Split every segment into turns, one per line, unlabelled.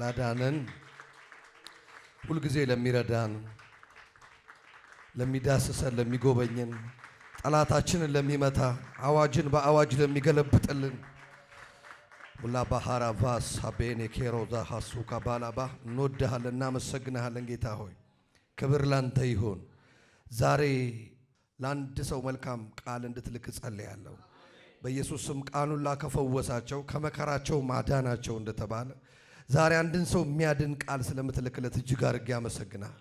ላዳነን ሁልጊዜ ለሚረዳን ለሚዳስሰን ለሚጎበኝን ጠላታችንን ለሚመታ አዋጅን በአዋጅ ለሚገለብጥልን ሁላ ባህራ ቫስ ሀቤኔ ኬሮዛ ሀሱ ካባላባ እንወድሃለን፣ እናመሰግንሃለን። ጌታ ሆይ ክብር ላንተ ይሁን። ዛሬ ለአንድ ሰው መልካም ቃል እንድትልክ ጸልያለሁ። በኢየሱስም ስም ቃሉን ላከፈወሳቸው ከመከራቸው ማዳናቸው እንደተባለ ዛሬ አንድን ሰው የሚያድን ቃል ስለምትልክለት እጅግ አድርጌ አመሰግናል።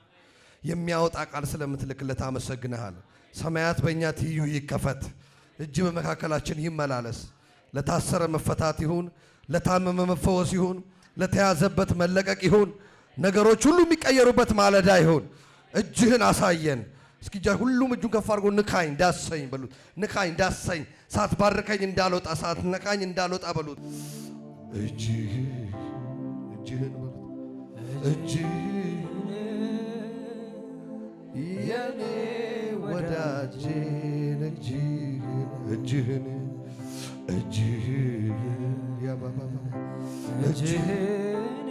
የሚያወጣ ቃል ስለምትልክለት አመሰግናል ሰማያት በእኛ ትይዩ ይከፈት፣ እጅ በመካከላችን ይመላለስ። ለታሰረ መፈታት ይሁን፣ ለታመመ መፈወስ ይሁን፣ ለተያዘበት መለቀቅ ይሁን፣ ነገሮች ሁሉ የሚቀየሩበት ማለዳ ይሁን። እጅህን አሳየን። እስኪ ሁሉም እጁን ከፍ አድርጎ ንካኝ ዳሰኝ በሉት። ንካኝ ዳሰኝ፣ ሳትባርከኝ እንዳልወጣ፣ ሳትነካኝ እንዳልወጣ በሉት እጅህ እጅህን በሉት እጅህን የኔ ወዳጄን እጅህን እጅህን እጅህን ያባባ እጅህን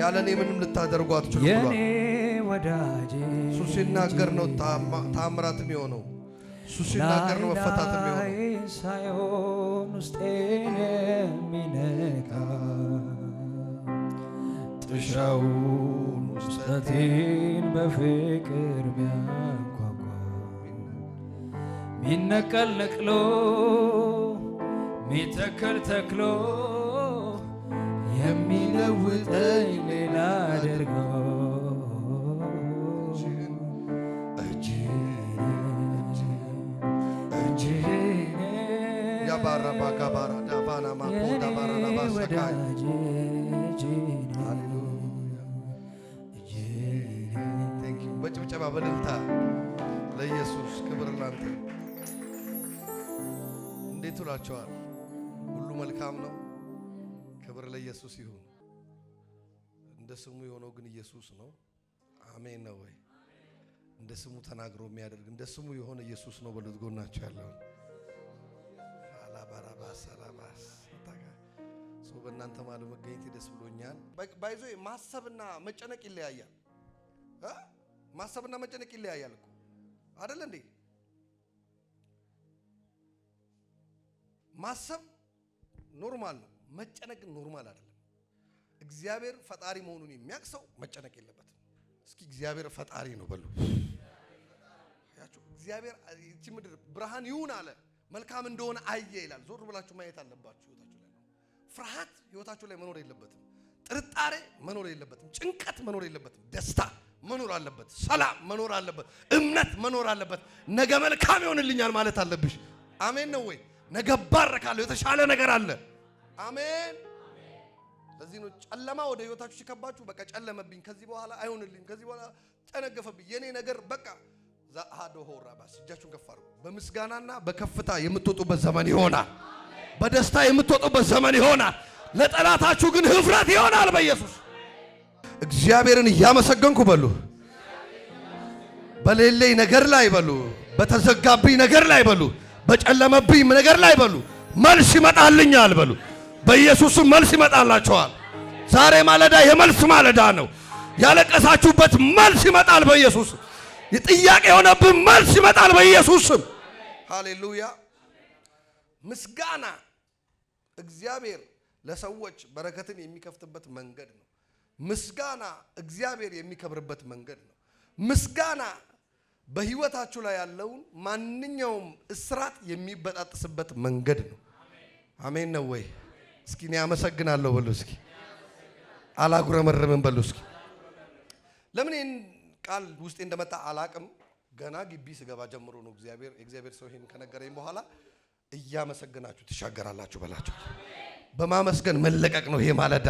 ያለ እኔ ምንም ልታደርጉ አትችሉም ብሏል። እሱ ሲናገር ነው ታምራት የሚሆነው። እሱ ሲናገር ነው መፈታት የሚሆነው። ሳይሆን ውስጤን የሚነካ መጥሻውን ውስጠቴን በፍቅር ቢያንኳኳ ሚነቀል ነቅሎ ሚተከል ተክሎ የሚለውጠኝ ሌላ አድርጎ ያባረባጋባራ ዳባናማቆ ዳባራናባሰካይ አጨባበል በልልታ ለኢየሱስ ክብር ላንተ። እንዴት ውላችኋል? ሁሉ መልካም ነው። ክብር ለኢየሱስ ይሁን። እንደ ስሙ የሆነው ግን ኢየሱስ ነው። አሜን ነው ወይ? እንደ ስሙ ተናግሮ የሚያደርግ እንደ ስሙ የሆነ ኢየሱስ ነው። በሉት ጎናቸው ያለውን አላባራባስ አላባስ ሰው በእናንተ ማለ መገኘት ደስ ብሎኛል። ባይዞ ማሰብና መጨነቅ ይለያያል። ማሰብና መጨነቅ ይለያያል እኮ አይደል እንዴ? ማሰብ ኖርማል ነው፣ መጨነቅ ኖርማል አይደለም። እግዚአብሔር ፈጣሪ መሆኑን የሚያውቅ ሰው መጨነቅ የለበትም። እስኪ እግዚአብሔር ፈጣሪ ነው በሉ። እግዚአብሔር ይቺ ምድር ብርሃን ይሁን አለ፣ መልካም እንደሆነ አየ ይላል። ዞር ብላችሁ ማየት አለባችሁ። ህይወታችሁ ላይ ነው ፍርሃት፣ ህይወታችሁ ላይ መኖር የለበትም። ጥርጣሬ መኖር የለበትም። ጭንቀት መኖር የለበትም። ደስታ መኖር አለበት። ሰላም መኖር አለበት። እምነት መኖር አለበት። ነገ መልካም ይሆንልኛል ማለት አለብሽ። አሜን ነው ወይ? ነገ ባረካለሁ፣ የተሻለ ነገር አለ። አሜን። ለዚህ ነው ጨለማ ወደ ህይወታችሁ ሲከባችሁ፣ በቃ ጨለመብኝ፣ ከዚህ በኋላ አይሆንልኝ፣ ከዚህ በኋላ ተነገፈብኝ፣ የኔ ነገር በቃ ዛሃዶ ሆራ ባስ እጃችሁን ከፍ አድርጉ። በምስጋናና በከፍታ የምትወጡበት ዘመን ይሆናል። በደስታ የምትወጡበት ዘመን ይሆናል። ለጠላታችሁ ግን ህፍረት ይሆናል በኢየሱስ እግዚአብሔርን እያመሰገንኩ በሉ። በሌለኝ ነገር ላይ በሉ፣ በተዘጋብኝ ነገር ላይ በሉ፣ በጨለመብኝ ነገር ላይ በሉ፣ መልስ ይመጣልኛል በሉ። በኢየሱስም መልስ ይመጣላቸዋል። ዛሬ ማለዳ የመልስ ማለዳ ነው። ያለቀሳችሁበት መልስ ይመጣል በኢየሱስ። ጥያቄ የሆነብን መልስ ይመጣል በኢየሱስም። ሃሌሉያ። ምስጋና እግዚአብሔር ለሰዎች በረከትን የሚከፍትበት መንገድ ነው። ምስጋና እግዚአብሔር የሚከብርበት መንገድ ነው። ምስጋና በህይወታችሁ ላይ ያለውን ማንኛውም እስራት የሚበጣጥስበት መንገድ ነው። አሜን ነው ወይ? እስኪ እኔ አመሰግናለሁ በሉ እስኪ፣ አላጉረመርምም በሉ እስኪ። ለምን ይህን ቃል ውስጤ እንደመጣ አላቅም። ገና ግቢ ስገባ ጀምሮ ነው እግዚአብሔር የእግዚአብሔር ሰው ይህን ከነገረኝ በኋላ እያመሰገናችሁ ትሻገራላችሁ በላቸው። በማመስገን መለቀቅ ነው ይሄ ማለዳ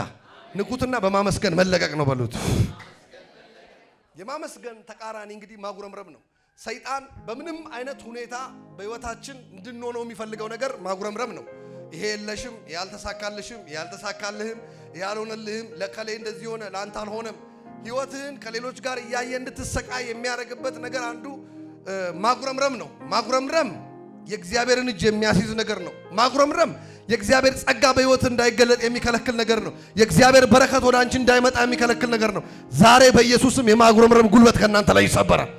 ንቁትና በማመስገን መለቀቅ ነው በሉት። የማመስገን ተቃራኒ እንግዲህ ማጉረምረም ነው። ሰይጣን በምንም አይነት ሁኔታ በህይወታችን እንድንሆነው የሚፈልገው ነገር ማጉረምረም ነው። ይሄ የለሽም፣ ያልተሳካልሽም፣ ያልተሳካልህም፣ ያልሆነልህም፣ ለከሌ እንደዚህ ሆነ፣ ለአንተ አልሆነም። ህይወትህን ከሌሎች ጋር እያየ እንድትሰቃይ የሚያደርግበት ነገር አንዱ ማጉረምረም ነው። ማጉረምረም የእግዚአብሔርን እጅ የሚያስይዝ ነገር ነው። ማጉረምረም የእግዚአብሔር ጸጋ በሕይወት እንዳይገለጥ የሚከለክል ነገር ነው። የእግዚአብሔር በረከት ወደ አንቺ እንዳይመጣ የሚከለክል ነገር ነው። ዛሬ በኢየሱስም የማጉረምረም ጉልበት ከእናንተ ላይ ይሰበራል።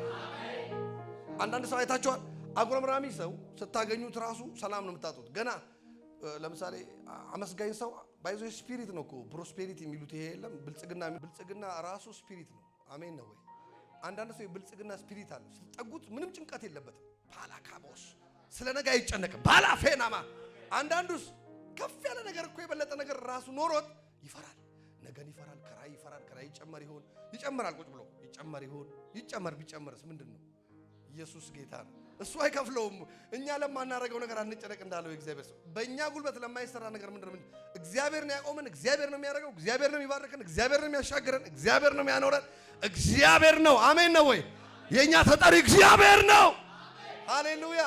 አንዳንድ ሰው አይታችኋል። አጉረምራሚ ሰው ስታገኙት ራሱ ሰላም ነው የምታጡት። ገና ለምሳሌ አመስጋኝ ሰው ባይዞ ስፒሪት ነው እኮ ፕሮስፔሪቲ የሚሉት ይሄ የለም ብልጽግና፣ ብልጽግና ራሱ ስፒሪት ነው። አሜን ነው ወይ? አንዳንድ ሰው የብልጽግና ስፒሪት አለው። ስትጠጉት ምንም ጭንቀት የለበትም። ባላካቦስ ስለ ነገ አይጨነቅም። ባላፌናማ አንዳንዱስ ከፍ ያለ ነገር እኮ የበለጠ ነገር ራሱ ኖሮት ይፈራል። ነገን ይፈራል። ከራይ ይፈራል። ከራይ ይጨመር ይሆን ይጨመራል። ቁጭ ብሎ ይጨመር ይሆን ይጨመር። ቢጨመርስ ምንድን ነው? ኢየሱስ ጌታ ነው። እሱ አይከፍለውም። እኛ ለማናረገው ነገር አንጨነቅ እንዳለው እግዚአብሔር ሰው በእኛ ጉልበት ለማይሰራ ነገር ምንድን ነው? እግዚአብሔር ነው ያቆመን። እግዚአብሔር ነው የሚያደርገው። እግዚአብሔር ነው የሚባርከን። እግዚአብሔር ነው የሚያሻግረን። እግዚአብሔር ነው የሚያኖረን። እግዚአብሔር ነው። አሜን ነው ወይ? የእኛ ተጠሪ እግዚአብሔር ነው። ሃሌሉያ።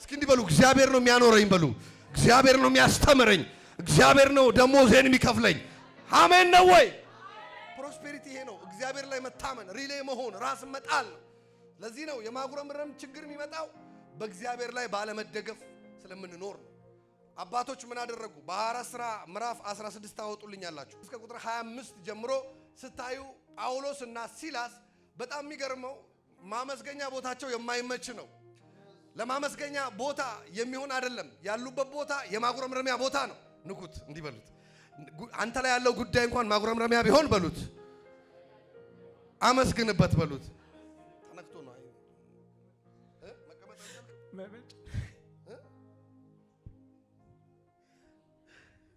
እስኪ እንዲበሉ እግዚአብሔር ነው የሚያኖረኝ በሉ እግዚአብሔር ነው የሚያስተምረኝ። እግዚአብሔር ነው ደሞዜን የሚከፍለኝ። አሜን ነው ወይ? ፕሮስፔሪቲ ይሄ ነው። እግዚአብሔር ላይ መታመን፣ ሪሌ መሆን፣ ራስ መጣል። ለዚህ ነው የማጉረምረም ችግር የሚመጣው በእግዚአብሔር ላይ ባለመደገፍ ስለምንኖር ነው። አባቶች ምን አደረጉ? በሐዋርያት ሥራ ምዕራፍ 16 አወጡልኛላችሁ እስከ ቁጥር 25 ጀምሮ ስታዩ ጳውሎስ እና ሲላስ በጣም የሚገርመው ማመስገኛ ቦታቸው የማይመች ነው። ለማመስገኛ ቦታ የሚሆን አይደለም። ያሉበት ቦታ የማጉረምረሚያ ቦታ ነው። ንኩት፣ እንዲህ በሉት። አንተ ላይ ያለው ጉዳይ እንኳን ማጉረምረሚያ ቢሆን በሉት፣ አመስግንበት በሉት። ተነክቶ ነው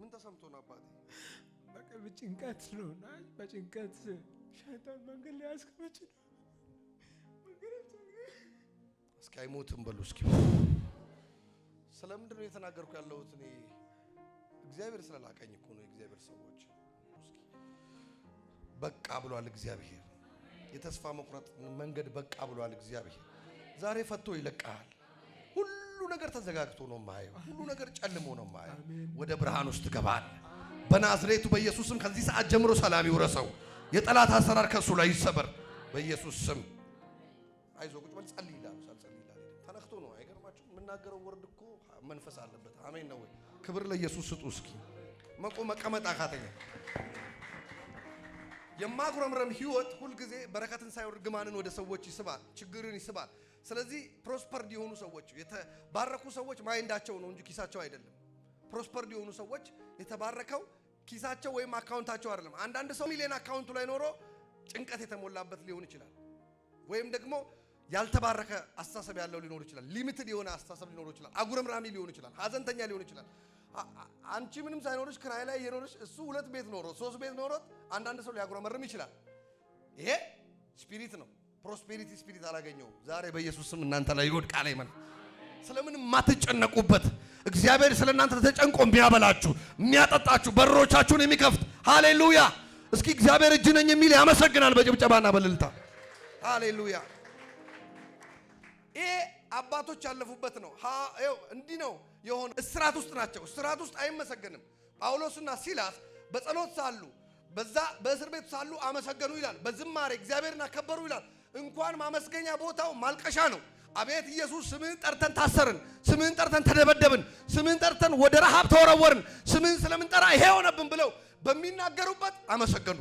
ምን ተሰምቶ ነው አባቴ?
በጭንቀት ነው በጭንቀት ሸይጣን መንገድ ላይ ነው
አይሞትም በሉ እስኪ። ስለምንድን ነው የተናገርኩ ያለሁት? እኔ እግዚአብሔር ስለላቀኝ እኮ ነው። እግዚአብሔር ሰዎች በቃ ብሏል እግዚአብሔር። የተስፋ መቁረጥ መንገድ በቃ ብሏል እግዚአብሔር። ዛሬ ፈቶ ይለቃል። ሁሉ ነገር ተዘጋግቶ ነው የማየው። ሁሉ ነገር ጨልሞ ነው የማየው። ወደ ብርሃን ውስጥ ገባል። በናዝሬቱ በኢየሱስም ከዚህ ሰዓት ጀምሮ ሰላም ይውረሰው። የጠላት አሰራር ከእሱ ላይ ይሰበር በኢየሱስ ስም። አይዞ ቁጭ በል ጸልይ ይላል። የምናገረው ወርድ እኮ መንፈስ አለበት። አሜን ነው ወይ? ክብር ለኢየሱስ ስጡ። እስኪ መቆ መቀመጥ አካተኛ የማጉረምረም ህይወት ሁልጊዜ በረከትን ሳይወርድ ግማንን ወደ ሰዎች ይስባል፣ ችግርን ይስባል። ስለዚህ ፕሮስፐርድ የሆኑ ሰዎች የተባረኩ ሰዎች ማይንዳቸው ነው እንጂ ኪሳቸው አይደለም። ፕሮስፐርድ የሆኑ ሰዎች የተባረከው ኪሳቸው ወይም አካውንታቸው አይደለም። አንዳንድ ሰው ሚሊዮን አካውንቱ ላይ ኖሮ ጭንቀት የተሞላበት ሊሆን ይችላል ወይም ደግሞ ያልተባረከ አስተሳሰብ ያለው ሊኖር ይችላል። ሊሚትድ የሆነ አስተሳሰብ ሊኖር ይችላል። አጉረምራሚ ሊሆን ይችላል። ሀዘንተኛ ሊሆን ይችላል። አንቺ ምንም ሳይኖርሽ ክራይ ላይ የኖርሽ እሱ ሁለት ቤት ኖሮት ሶስት ቤት ኖሮት አንዳንድ ሰው ሊያጉረመርም ይችላል። ይሄ ስፒሪት ነው። ፕሮስፔሪቲ ስፒሪት አላገኘውም። ዛሬ በኢየሱስ ስም እናንተ ላይ ቃል ይመን ስለምን የማትጨነቁበት እግዚአብሔር ስለ እናንተ ተጨንቆ የሚያበላችሁ የሚያጠጣችሁ፣ በሮቻችሁን የሚከፍት ሃሌሉያ። እስኪ እግዚአብሔር እጅ ነኝ የሚል ያመሰግናል በጭብጨባና በልልታ ሃሌሉያ። ይሄ አባቶች ያለፉበት ነው። እንዲህ ነው የሆነ እስራት ውስጥ ናቸው። እስራት ውስጥ አይመሰገንም። ጳውሎስና ሲላስ በጸሎት ሳሉ በዛ በእስር ቤት ሳሉ አመሰገኑ ይላል። በዝማሬ እግዚአብሔርን አከበሩ ይላል። እንኳን ማመስገኛ ቦታው ማልቀሻ ነው። አቤት ኢየሱስ ስምህን ጠርተን ታሰርን፣ ስምህን ጠርተን ተደበደብን፣ ስምህን ጠርተን ወደ ረሃብ ተወረወርን፣ ስምህን ስለምንጠራ ይሄ ሆነብን ብለው በሚናገሩበት አመሰገኑ።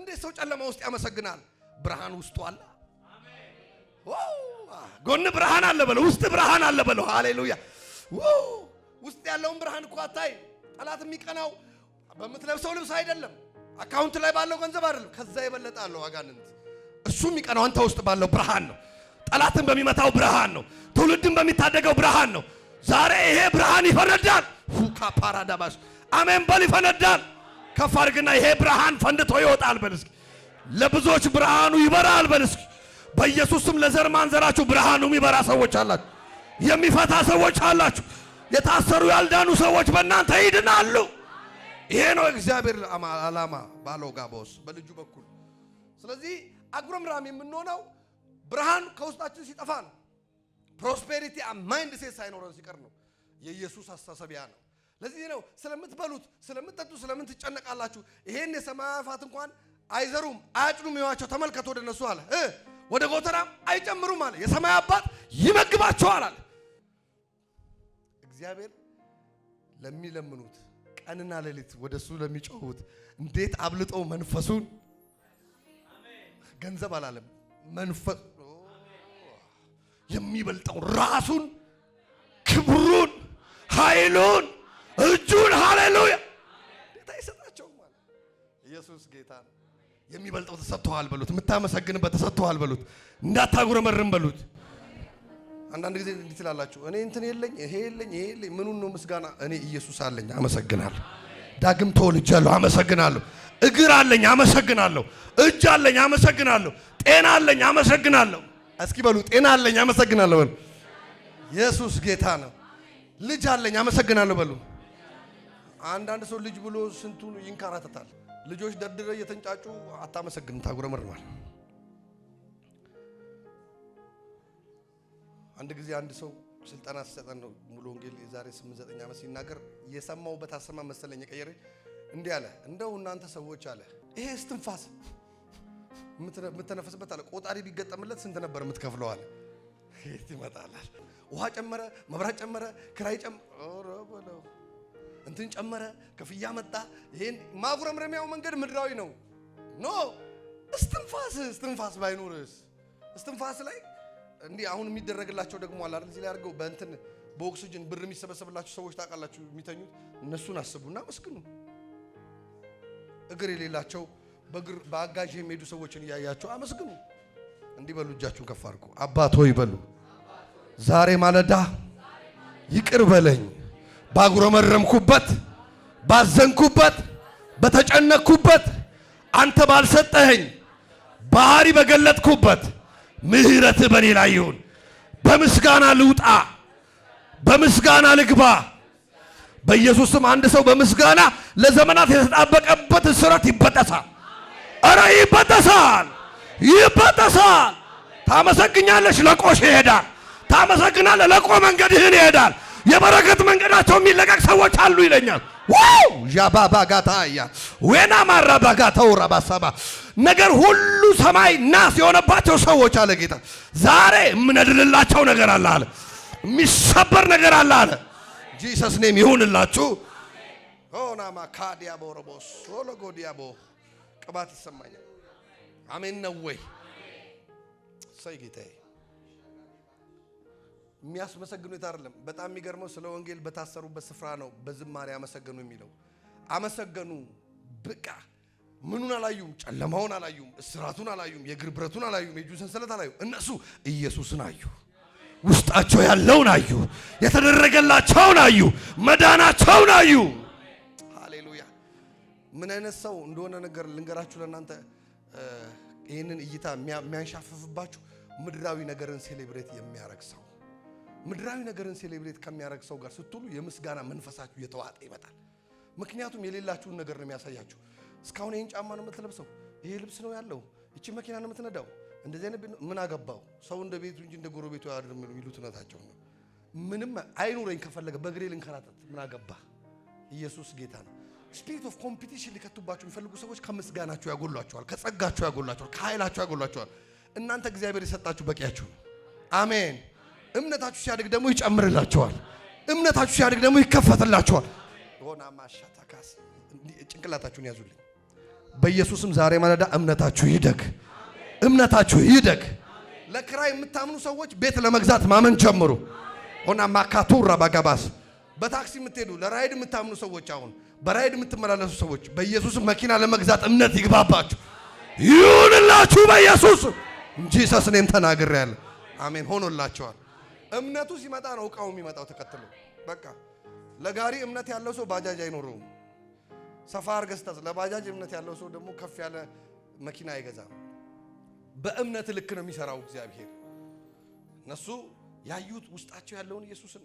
እንዴት ሰው ጨለማ ውስጥ ያመሰግናል? ብርሃን ውስጡ አላ ጎን ብርሃን አለ በለው፣ ውስጥ ብርሃን አለ በለው። ሃሌሉያ! ውስጥ ያለውን ብርሃን እኮ አታይ። ጠላት የሚቀናው በምትለብሰው ልብስ አይደለም፣ አካውንት ላይ ባለው ገንዘብ አይደለም። ከዛ የበለጠ አለው አጋንንት። እሱ የሚቀናው አንተ ውስጥ ባለው ብርሃን ነው። ጠላትን በሚመታው ብርሃን ነው። ትውልድን በሚታደገው ብርሃን ነው። ዛሬ ይሄ ብርሃን ይፈነዳል። ፉካ ፓራዳባሽ አሜን በል ይፈነዳል። ከፍ አድርግና ይሄ ብርሃን ፈንድቶ ይወጣል በል እስኪ። ለብዙዎች ብርሃኑ ይበራል በል እስኪ። በኢየሱስም ለዘር ማንዘራችሁ ብርሃኑ የሚበራ ሰዎች አላችሁ። የሚፈታ ሰዎች አላችሁ። የታሰሩ ያልዳኑ ሰዎች በእናንተ ይድናሉ። ይሄ ነው እግዚአብሔር አላማ ባለው በልጁ በኩል ስለዚህ አጉረምራም የምንሆነው ብርሃን ከውስጣችን ሲጠፋ ነው። ፕሮስፔሪቲ ማይንድ ሴት ሳይኖረን ሲቀር ነው። የኢየሱስ አስተሳሰቢያ ነው። ለዚህ ነው ስለምትበሉት፣ ስለምትጠጡ፣ ስለምን ትጨነቃላችሁ? ይሄን የሰማይ አዕዋፋት እንኳን አይዘሩም፣ አያጭዱም። ይዋቸው ተመልከቶ ወደ እነሱ አለ ወደ ጎተራም አይጨምሩም አለ። የሰማይ አባት ይመግባቸዋል አለ። እግዚአብሔር ለሚለምኑት ቀንና ሌሊት ወደሱ ለሚጮሁት እንዴት አብልጦ መንፈሱን ገንዘብ አላለም መንፈስ የሚበልጠው ራሱን፣ ክብሩን፣ ኃይሉን፣ እጁን ሃሌሉያ ጌታ ይሰጣቸው ማለት ኢየሱስ ጌታ ነው። የሚበልጠው ተሰጥቷል በሉት። የምታመሰግንበት ተሰጥቷል በሉት። እንዳታጉረመርም በሉት። አንዳንድ ጊዜ እንዲህ ትላላችሁ፣ እኔ እንትን የለኝ ይሄ የለኝ ይሄ የለኝ። ምኑን ነው ምስጋና? እኔ ኢየሱስ አለኝ፣ አመሰግናለሁ። ዳግም ተወልጃለሁ፣ አመሰግናለሁ። እግር አለኝ፣ አመሰግናለሁ። እጅ አለኝ፣ አመሰግናለሁ። ጤና አለኝ፣ አመሰግናለሁ። እስኪ በሉ ጤና አለኝ፣ አመሰግናለሁ በሉ። ኢየሱስ ጌታ ነው። ልጅ አለኝ፣ አመሰግናለሁ በሉ። አንዳንድ ሰው ልጅ ብሎ ስንቱን ይንከራተታል። ልጆች ደርድረ እየተንጫጩ አታመሰግን፣ ታጉረመርማል። አንድ ጊዜ አንድ ሰው ስልጠና ሲሰጠን ነው ሙሉ ወንጌል የዛሬ ስምንት ዘጠኝ ዓመት ሲናገር የሰማውበት አሰማ መሰለኝ የቀየረ እንዲህ አለ። እንደው እናንተ ሰዎች አለ ይሄ እስትንፋስ የምትነፈስበት አለ ቆጣሪ ቢገጠምለት ስንት ነበር የምትከፍለው አለ። ይመጣላል ውሃ ጨመረ፣ መብራት ጨመረ፣ ክራይ ጨመረ እንትን ጨመረ፣ ክፍያ መጣ። ይሄን ማጉረምረሚያው መንገድ ምድራዊ ነው። ኖ እስትንፋስ እስትንፋስ ባይኖርስ? እስትንፋስ ላይ እንዲህ አሁን የሚደረግላቸው ደግሞ አለ አይደል? እዚህ ላይ አድርገው በእንትን በኦክስጅን ብር የሚሰበሰብላቸው ሰዎች ታውቃላችሁ፣ የሚተኙት እነሱን አስቡና መስግኑ። እግር የሌላቸው በአጋዥ የሚሄዱ ሰዎችን እያያቸው አመስግኑ። እንዲህ በሉ፣ እጃችሁን ከፍ አድርጉ። አባት ሆይ በሉ፣ ዛሬ ማለዳ ይቅር በለኝ ባጉረመረምኩበት፣ ባዘንኩበት፣ በተጨነቅኩበት አንተ ባልሰጠኸኝ ባህሪ በገለጥኩበት ምሕረት በኔ ላይ ይሁን። በምስጋና ልውጣ፣ በምስጋና ልግባ። በኢየሱስም አንድ ሰው በምስጋና ለዘመናት የተጣበቀበት ስረት ይበጠሳል። እረ ይበጠሳል፣ ይበጠሳል። ታመሰግኛለሽ፣ ለቆሽ ይሄዳል። ታመሰግናለ፣ ለቆ መንገድህን ይሄዳል። የበረከት መንገዳቸው የሚለቀቅ ሰዎች አሉ ይለኛል። ዋው ዣባባ አያ ወና ማራባ ጋታው ራባሳባ ነገር ሁሉ ሰማይ ናስ የሆነባቸው ሰዎች አለ ጌታ። ዛሬ የምነድልላቸው ነገር አለ አለ የሚሰበር ነገር አለ አለ ጂሰስ ኔም ይሁንላችሁ። ሆናማ ሶሎ ረቦስ ሶሎጎዲያቦ ቅባት ይሰማኛል። አሜን ነው ወይ? ሰይ ጌታዬ የሚያስመሰግኑ የት አይደለም። በጣም የሚገርመው ስለ ወንጌል በታሰሩበት ስፍራ ነው በዝማሬ አመሰገኑ የሚለው አመሰገኑ ብቃ ምኑን አላዩም፣ ጨለማውን አላዩም፣ እስራቱን አላዩም፣ የእግር ብረቱን አላዩም፣ የእጁ ሰንሰለት አላዩ። እነሱ ኢየሱስን አዩ፣ ውስጣቸው ያለውን አዩ፣ የተደረገላቸውን አዩ፣ መዳናቸውን አዩ። ሃሌሉያ! ምን አይነት ሰው እንደሆነ ነገር ልንገራችሁ ለእናንተ ይህንን እይታ የሚያንሻፍፍባችሁ ምድራዊ ነገርን ሴሌብሬት የሚያረግ ሰው ምድራዊ ነገርን ሴሌብሬት ከሚያደርግ ሰው ጋር ስትሉ የምስጋና መንፈሳችሁ እየተዋጠ ይመጣል። ምክንያቱም የሌላችሁን ነገር ነው የሚያሳያችሁ። እስካሁን ይህን ጫማ ነው የምትለብሰው፣ ይሄ ልብስ ነው ያለው፣ እቺ መኪና ነው የምትነዳው፣ እንደዚህ አይነት ምን አገባው ሰው እንደ ቤቱ እንጂ እንደ ጎረቤቱ ያድር የሚሉት ነታቸው ነው። ምንም አይኑረኝ ከፈለገ በእግሬ ልንከራተት ምን አገባ። ኢየሱስ ጌታ ነው። ስፒሪት ኦፍ ኮምፒቲሽን ሊከቱባቸው የሚፈልጉ ሰዎች ከምስጋናቸው ያጎሏቸዋል፣ ከጸጋቸው ያጎሏቸዋል፣ ከኃይላቸው ያጎሏቸዋል። እናንተ እግዚአብሔር የሰጣችሁ በቂያችሁ ነው። አሜን። እምነታችሁ ሲያድግ ደግሞ ይጨምርላችኋል። እምነታችሁ ሲያድግ ደግሞ ይከፈትላችኋል። ሆና ማሻታካስ ጭንቅላታችሁን ያዙልኝ። በኢየሱስም ዛሬ ማለዳ እምነታችሁ ይደግ፣ እምነታችሁ ይደግ። ለክራይ የምታምኑ ሰዎች ቤት ለመግዛት ማመን ጀምሩ። ሆና ማካቱራ ባጋባስ በታክሲ የምትሄዱ ለራይድ የምታምኑ ሰዎች፣ አሁን በራይድ የምትመላለሱ ሰዎች በኢየሱስ መኪና ለመግዛት እምነት ይግባባችሁ፣ ይሁንላችሁ። በኢየሱስ ጂሰስ ኔም ተናግሬያለሁ። አሜን ሆኖላችኋል። እምነቱ ሲመጣ ነው እቃው የሚመጣው ተከትሎ። በቃ ለጋሪ እምነት ያለው ሰው ባጃጅ አይኖረውም። ሰፋ አርገስታስ ለባጃጅ እምነት ያለው ሰው ደግሞ ከፍ ያለ መኪና አይገዛም። በእምነት ልክ ነው የሚሰራው እግዚአብሔር። እነሱ ያዩት ውስጣቸው ያለውን ኢየሱስን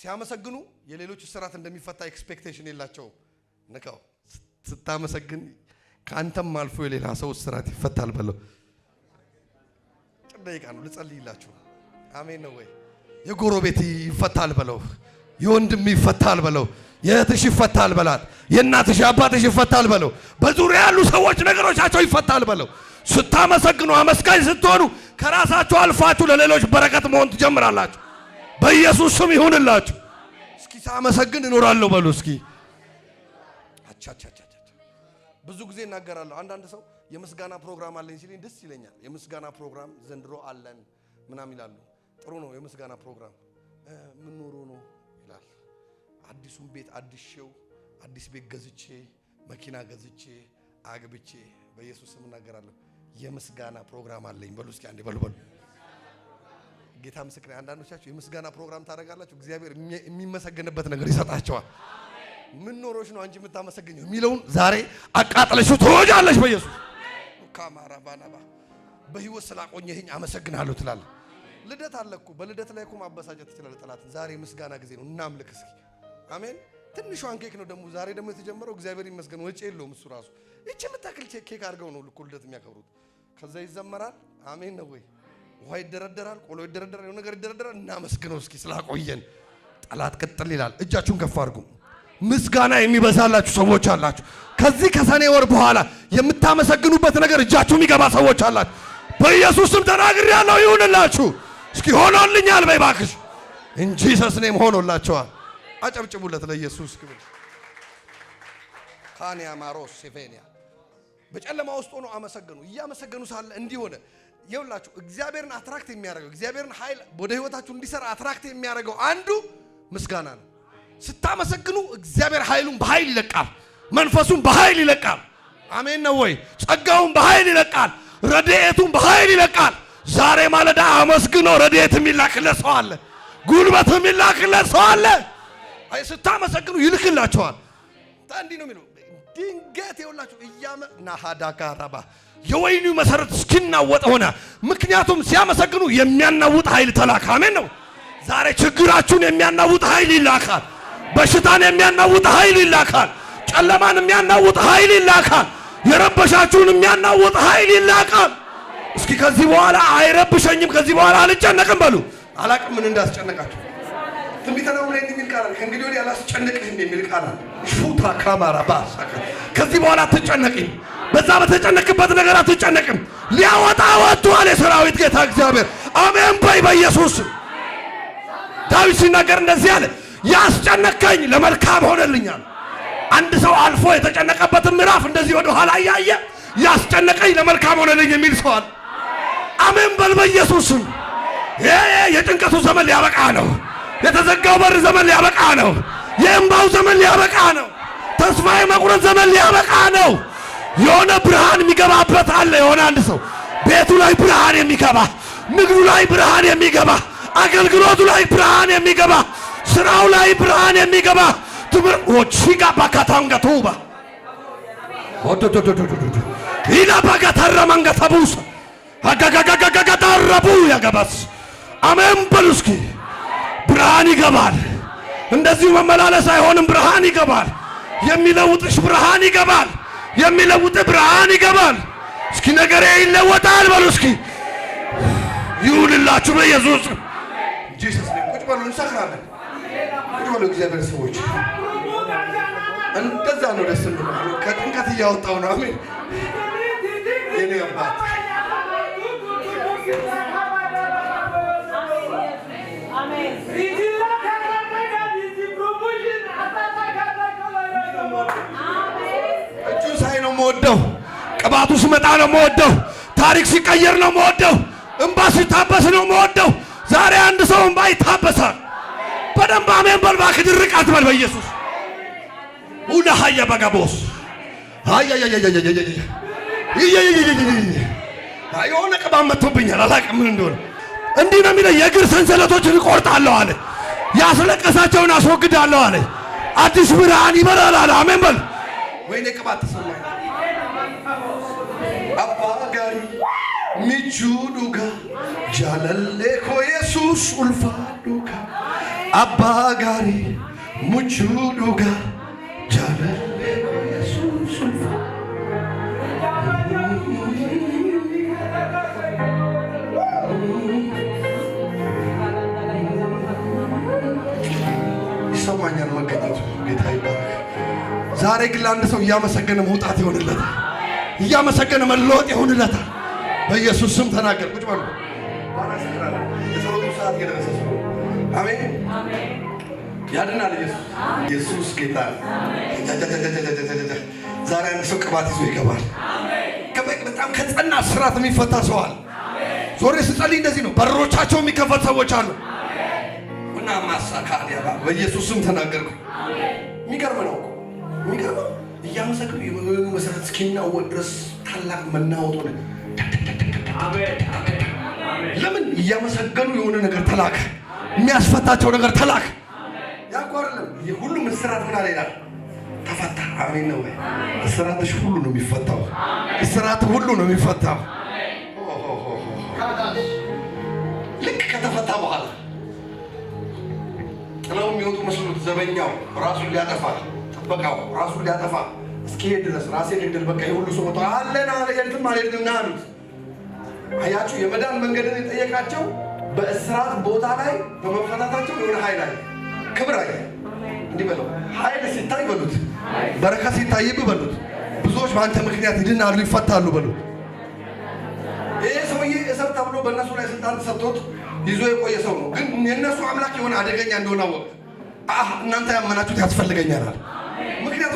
ሲያመሰግኑ የሌሎች ስራት እንደሚፈታ ኤክስፔክቴሽን የላቸው። ንቀው ስታመሰግን ከአንተም አልፎ የሌላ ሰው ስራት ይፈታል በለው። ጭር ነው ልጸልይላችሁ። አሜን ነው ወይ? የጎረቤት ይፈታል በለው፣ የወንድም ይፈታል በለው፣ የእህትሽ ይፈታል በላት፣ የእናትሽ አባትሽ ይፈታል በለው፣ በዙሪያ ያሉ ሰዎች ነገሮቻቸው ይፈታል በለው። ስታመሰግኑ አመስጋኝ ስትሆኑ ከራሳችሁ አልፋችሁ ለሌሎች በረከት መሆን ትጀምራላችሁ። በኢየሱስ ስም ይሁንላችሁ። እስኪ ሳመሰግን እኖራለሁ በሉ እስኪ። ብዙ ጊዜ እናገራለሁ። አንዳንድ ሰው የምስጋና ፕሮግራም አለኝ ሲለኝ ደስ ይለኛል። የምስጋና ፕሮግራም ዘንድሮ አለን ምናምን ይላሉ። ጥሩ ነው የምስጋና ፕሮግራም ምን ኖሮ ነው ይላል። አዲሱን ቤት አዲሼው አዲስ ቤት ገዝቼ መኪና ገዝቼ አግብቼ በኢየሱስ ስም እናገራለሁ። የምስጋና ፕሮግራም አለኝ በሉ እስኪ አንዴ በሉ በሉ። ጌታ ምስክር። አንዳንዶቻችሁ የምስጋና ፕሮግራም ታደርጋላችሁ፣ እግዚአብሔር የሚመሰገንበት ነገር ይሰጣቸዋል። ምን ኖሮች ነው አንቺ የምታመሰግኘው የሚለውን ዛሬ አቃጥለሽ ትወጃለሽ በኢየሱስ ካማራ ባናባ በህይወት ስላቆኘህኝ አመሰግናለሁ ትላለህ። ልደት አለኩ። በልደት ላይ እኮ ማበሳጨት ይችላል ጠላት። ዛሬ ምስጋና ጊዜ ነው፣ እናምልክ እስኪ። አሜን። ትንሿን ኬክ ነው ደግሞ ዛሬ ደግሞ የተጀመረው። እግዚአብሔር ይመስገን ወጪ የለውም እሱ ራሱ። ይቺ የምታክል ኬክ አድርገው ነው ልኮ ልደት የሚያከብሩት። ከዛ ይዘመራል። አሜን ነው ወይ? ውሃ ይደረደራል፣ ቆሎ ይደረደራል፣ የሆነ ነገር ይደረደራል። እናመስግነው እስኪ ስላቆየን። ጠላት ቅጥል ይላል። እጃችሁን ከፍ አድርጉ። ምስጋና የሚበዛላችሁ ሰዎች አላችሁ። ከዚህ ከሰኔ ወር በኋላ የምታመሰግኑበት ነገር እጃችሁ የሚገባ ሰዎች አላችሁ። በኢየሱስ ስም ተናግሬ ያለው ይሁንላችሁ። እስኪ ሆኖልኛል በይ እባክሽ። እንጂ ሰስኔም ሆኖላቸዋል። አጨብጭቡለት ለኢየሱስ ክብር። ካንያ ማሮስ ሴፌንያ በጨለማ ውስጥ ሆኖ አመሰገኑ። እያመሰገኑ ሳለ እንዲህ ሆነ። ይኸውላችሁ እግዚአብሔርን አትራክት የሚያደርገው እግዚአብሔርን ኃይል ወደ ህይወታችሁ እንዲሰራ አትራክት የሚያደርገው አንዱ ምስጋና ነው። ስታመሰግኑ እግዚአብሔር ኃይሉን በኃይል ይለቃል። መንፈሱን በኃይል ይለቃል። አሜን ነው ወይ? ጸጋውን በኃይል ይለቃል። ረድኤቱን በኃይል ይለቃል። ዛሬ ማለዳ አመስግኖ ረድኤት የሚላክለት ሰው አለ። ጉልበት የሚላክለት ሰው አለ። አይ ስታመሰግኑ ይልክላቸዋል። እንዲህ ነው የሚለው። ድንገት ይኸውላችሁ እያመ ናሃዳ ጋራባ የወይኑ መሰረት እስኪናወጥ ሆነ። ምክንያቱም ሲያመሰግኑ የሚያናውጥ ኃይል ተላካ። አሜን ነው። ዛሬ ችግራችሁን የሚያናውጥ ኃይል ይላካል። በሽታን የሚያናውጥ ኃይል ይላካል። ጨለማን የሚያናውጥ ኃይል ይላካል። የረበሻችሁን የሚያናውጥ ኃይል ይላካል። እስኪ ከዚህ በኋላ አይረብሸኝም፣ ከዚህ በኋላ አልጨነቅም በሉ። አላቅም ምን እንዳስጨነቃቸው ትንቢተ ነው ላይ የሚል ቃል አለ። ከእንግዲህ ወዲህ አላስጨንቅህም የሚል ቃል ሹታ ካማራ ባሳ ከዚህ በኋላ አትጨነቅም። በዛ በተጨነቅበት ነገር አትጨነቅም። ሊያወጣ ወጥቷል የሰራዊት ጌታ እግዚአብሔር። አሜን በይ በኢየሱስ። ዳዊት ሲናገር እንደዚህ አለ፣ ያስጨነቀኝ ለመልካም ሆነልኛል። አንድ ሰው አልፎ የተጨነቀበትን ምዕራፍ እንደዚህ ወደ ኋላ እያየ ያስጨነቀኝ ለመልካም ሆነልኝ የሚል ሰው አለ። አሜን በል በኢየሱስ በኢየሱስም። የጭንቀቱ ዘመን ሊያበቃ ነው። የተዘጋው በር ዘመን ሊያበቃ ነው። የእንባው ዘመን ሊያበቃ ነው። ተስፋ የመቁረጥ ዘመን ሊያበቃ ነው። የሆነ ብርሃን የሚገባበት አለ። የሆነ አንድ ሰው ቤቱ ላይ ብርሃን የሚገባ ንግዱ ላይ ብርሃን የሚገባ አገልግሎቱ ላይ ብርሃን የሚገባ ስራው ላይ ብርሃን የሚገባ ትምህርት ወቺጋ ባካታንጋ ተውባ ወዶዶዶዶዶ ኢላ ባጋታራ መንጋ ተቡሳ አጋጋጋጋጋጋታረቡ ያገባስ አሜን እስኪ። ብርሃን ይገባል። እንደዚሁ መመላለስ አይሆንም። ብርሃን ይገባል። የሚለውጥሽ ብርሃን ይገባል። የሚለውጥ ብርሃን ይገባል። እስኪ ነገሬ ይለወጣል እጁን ሳይ ነው የምወደው። ቅባቱ ሲመጣ ነው የምወደው። ታሪክ ሲቀየር ነው የምወደው። እንባ ሲታበስ ነው የምወደው። ዛሬ አንድ ሰው እምባ ይታበሳል። በደንብ አሜን በል እባክህ። በኢየሱስ ሀያ በጋቦስ የሆነ ቅባት መጥቶብኛል፣ አላቅም ምን እንደሆነ። እንዲህ ነው የሚለው የእግር ሰንሰለቶችን እቆርጣለሁ አለ። ያስለቀሳቸውን አስወግዳለሁ አለ። አዲስ ብርሃን ይበራል አለ። አሜን በል። ወይኔ ቅባት ተሰማኝ። አባ ጋሪ ሚቹ ዱጋ ጃለሌ ኮ ኢየሱስ ኡልፋ ዱጋ አባ ጋሪ ሙቹ ዱጋ ጃለሌ ዛሬ ግን ለአንድ ሰው እያመሰገነ መውጣት ይሆንለታል። እያመሰገነ መለወጥ ይሆንለታል። በኢየሱስ ስም ተናገር። ቁጭ በሉ። አሜን። ያድናል ኢየሱስ። ኢየሱስ ጌታ። ዛሬ አንድ ሰው ቅባት ይዞ ይገባል። በጣም ከጸና ስራት የሚፈታ ሰዋል። ዞሬ ስጸልይ እንደዚህ ነው። በሮቻቸው የሚከፈት ሰዎች አሉ እና ማሳካ ስም ተናገርኩ። የሚገርም ነው። የሚገርመው እያመሰግኑ የመኖሩ መሰረት እስኪናወጥ ድረስ ታላቅ መናወጥ ሆነ። ለምን እያመሰገኑ የሆነ ነገር ተላክ፣ የሚያስፈታቸው ነገር ተላክ። ያቋርለም ሁሉም እስራት ምን አለ ይላል ተፈታ። አሜን ነው እስራትሽ ሁሉ ነው የሚፈታው። እስራት ሁሉ ነው የሚፈታው። ልክ ከተፈታ በኋላ ጥለው የሚወጡ መስሎት ዘበኛው ራሱን ሊያጠፋል በቃው ራሱ ሊያጠፋ እስኪሄድ ድረስ ራሴ ልግደል በቃ የሁሉ ሰው ወጣ አለና ለየትም ና አሉት። አያችሁ የመዳን መንገድን የጠየቃቸው በእስራት ቦታ ላይ በመፈታታቸው የሆነ ኃይል አለ፣ ክብር አለ። እንዲህ በለው ኃይል ሲታይ በሉት፣ በረከት ሲታይብ በሉት፣ ብዙዎች በአንተ ምክንያት ይድናሉ፣ ይፈታሉ በሉት። ይሄ ሰውዬ እስር ተብሎ በእነሱ ላይ ስልጣን ተሰጥቶት ይዞ የቆየ ሰው ነው። ግን የእነሱ አምላክ የሆነ አደገኛ እንደሆነ አወቅ። እናንተ ያመናችሁት ያስፈልገኛል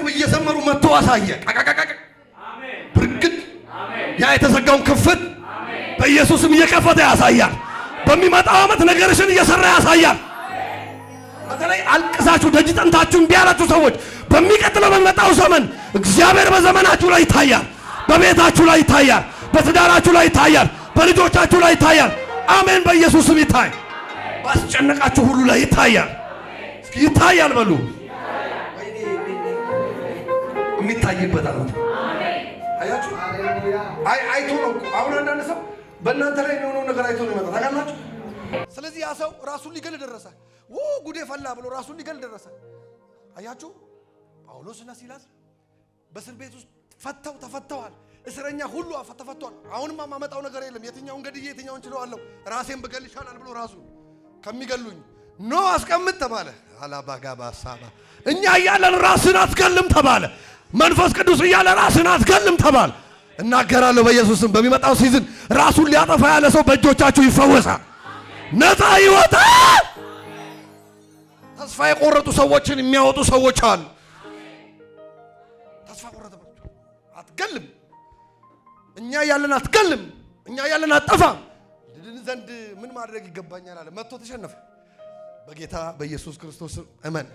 ያዕቆብ እየዘመሩ መጥቶ አሳየ። ብርግድ ያ የተዘጋውን ክፍት በኢየሱስም እየከፈተ ያሳያል። በሚመጣው ዓመት ነገርሽን እየሰራ ያሳያል። በተለይ አልቅሳችሁ ደጅ ጠንታችሁ እምቢ ያላችሁ ሰዎች በሚቀጥለው በሚመጣው ዘመን እግዚአብሔር በዘመናችሁ ላይ ይታያል፣ በቤታችሁ ላይ ይታያል፣ በትዳራችሁ ላይ ይታያል፣ በልጆቻችሁ ላይ ይታያል። አሜን። በኢየሱስም ይታይ። ባስጨነቃችሁ ሁሉ ላይ ይታያል። ይታያል በሉ የሚታይበት አሉት። አያችሁ፣ አይቶ ነው። አሁን አንዳንድ ሰው በእናንተ ላይ የሚሆነው ነገር አይቶ ነው ይመጣል። ታውቃላችሁ። ስለዚህ ያ ሰው ራሱን ሊገል ደረሰ። ው ጉዴ ፈላ ብሎ ራሱን ሊገል ደረሰ። አያችሁ፣ ጳውሎስና ሲላስ በእስር ቤት ውስጥ ፈተው ተፈተዋል። እስረኛ ሁሉ ተፈቷል። አሁንማ ማመጣው ነገር የለም። የትኛውን ገድዬ የትኛውን ችለዋለሁ ራሴን ብገል ይሻላል ብሎ ራሱ ከሚገሉኝ ኖ አስቀምጥ ተባለ። አላባጋባ ሳባ እኛ እያለን ራስን አትገልም ተባለ። መንፈስ ቅዱስ እያለ ራስን አትገልም ተባል። እናገራለሁ በኢየሱስም በሚመጣው ሲዝን ራሱን ሊያጠፋ ያለ ሰው በእጆቻችሁ ይፈወሳል፣ ነፃ ይወጣል። ተስፋ የቆረጡ ሰዎችን የሚያወጡ ሰዎች አሉ። ተስፋ ቆረጠ አትገልም፣ እኛ ያለን አትገልም፣ እኛ ያለን አጠፋ ድድን ዘንድ ምን ማድረግ ይገባኛል አለ። መጥቶ ተሸነፈ። በጌታ በኢየሱስ ክርስቶስ እመን።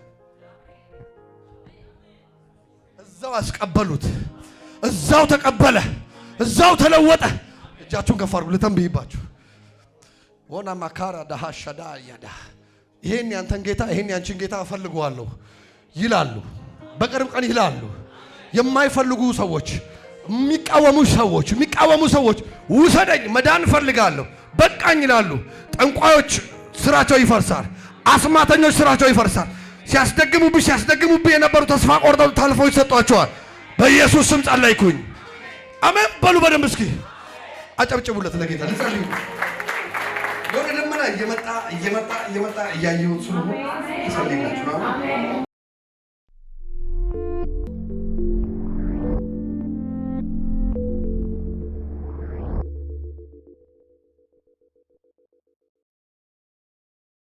እዛው አስቀበሉት። እዛው ተቀበለ። እዛው ተለወጠ። እጃችሁን ከፍ አድርጉ። ልተንብይባችሁ ሆና ማካራ ዳሃ ሸዳ ያዳ ይሄን ያንተን ጌታ ይሄን ያንቺን ጌታ እፈልገዋለሁ ይላሉ። በቅርብ ቀን ይላሉ። የማይፈልጉ ሰዎች፣ የሚቃወሙ ሰዎች፣ የሚቃወሙ ሰዎች ውሰደኝ፣ መዳን እፈልጋለሁ፣ በቃኝ ይላሉ። ጠንቋዮች ስራቸው ይፈርሳል። አስማተኞች ስራቸው ይፈርሳል። ሲያስደግሙብህ ሲያስደግሙብህ የነበሩ ተስፋ ቆርጠው ታልፈው ይሰጧቸዋል። በኢየሱስ ስም ጸለይኩኝ። አሜን በሉ በደንብ እስኪ አጨብጭቡለት ለጌታ ልጸልዩ። የሆነ ደመና እየመጣ እየመጣ እየመጣ እያየሁት ስለሆነ ይጸልይላችሁ።